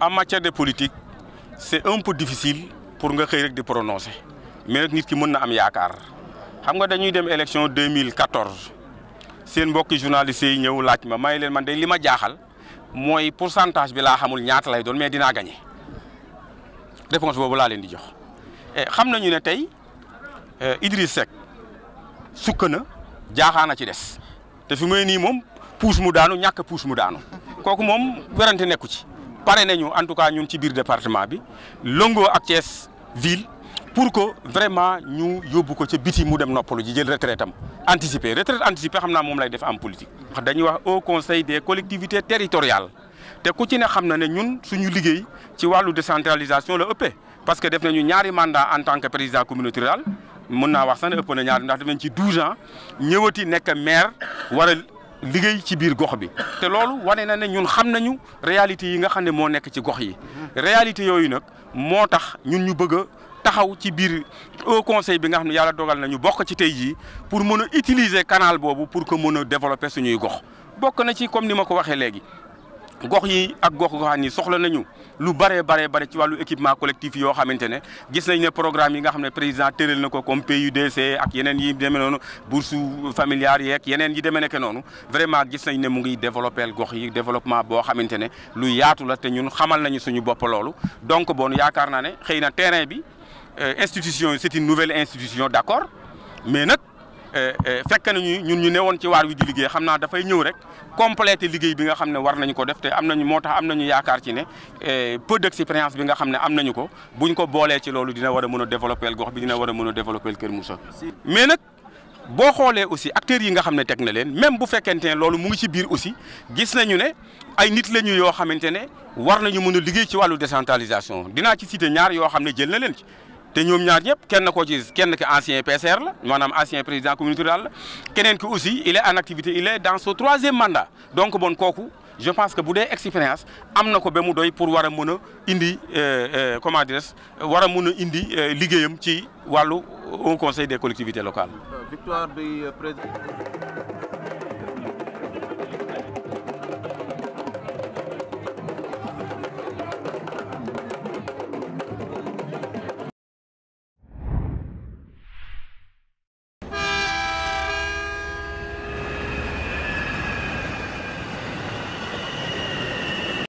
en matière de politique c'est un peu difficile pour nga xëy rek di prononcer mais nit ki mën na am yaakaar xam nga dañuy dem élection 2014 seen mbokki journaliste yi ñëw laaj ma may leen man de li ma jaaxal mooy pourcentage bi laa xamul ñaata lay doon mais dinaa gagné réponse boobu laa leen di jox. Eh, xam nañu ne tey eh, Idriss Seck sukk na jaaxaan a ci des te fi may nii moom puus mu daanu ñàkk puus mu daanu kooku moom werante nekku ci. pare nañu en tout cas ñun ci biir département bi Longo ak ville pour que vraiment ñu yóbbu ko ca biti mu dem noppalu ji jël retraite am anticipé retraite anticipé xam na moom lay def am politique. wax dañuy wax au conseil des collectivités territoriales te ku ci ne xam na ne ñun suñu liggéey ci wàllu décentralisation la ëppee parce que def nañu ñaari mandat en tant que président communauté rurale mën naa wax sax ne ëpp na ñaari ndax def nañ ci 12 ans ñëwati liggéey ci biir gox bi te loolu wane na ne ñun xam nañu réalité yi nga xam ne moo nekk ci gox yi réalité yooyu nag moo tax ñun ñu bëgg a taxaw ci biir au conseil bi nga xam ne yàlla dogal nañu bokk ci tey jii pour mën a utiliser canal boobu pour que mën a développer suñuy gox bokk na ci comme ni ma ko waxee léegi gox yi ak gox goxaan yi soxla nañu lu bare bare bare ci wàllu équipement collectif yoo xamante ne gis nañ ne programme yi nga xam ne président tëral na ko comme PUDC ak yeneen yi demee noonu bourse familiale yeeg yeneen yi demee nekk noonu vraiment gis nañ ne mu ngi développé gox yi développement boo xamante ne lu yaatu la te ñun xamal nañu suñu bopp loolu donc boonu yaakaar naa ne xëy na terrain bi euh, institution c'est une nouvelle institution d'accord mais nag Eh, eh, fekk nañu ñun ñu ne woon ci waar wi di liggéey xam naa dafay ñëw rek compléter liggéey bi nga xam ne war nañu ko def te am nañu moo tax am nañu yaakaar ci ne eh, peu d'expérience bi nga xam ne am nañu ko bu ñu ko boolee ci loolu dina war a mën a développer gox bi dina war a mën a développer Kër Moussa mais nag boo xoolee aussi acteurs yi nga xam ne teg na leen même bu fekkente ne loolu mu ngi ci biir aussi gis nañu ne ay nit la ñu yoo xamante ne war nañu mën a liggéey ci wàllu décentralisation dinaa ci citer ñaar yoo xam ne jël na leen ci te ñoom ñaar ñëpp kenn koo ci kenn ki ancien PCR la maanaam ancien président communauté rurale la keneen ki aussi il est en activité il est dans son mandat donc bon kooku je pense que bu dee expérience am na ko ba mu doy pour war a mën a indi euh, euh, comment dire war a mën a indi euh, liggéeyam ci wàllu au conseil des collectivités local victoire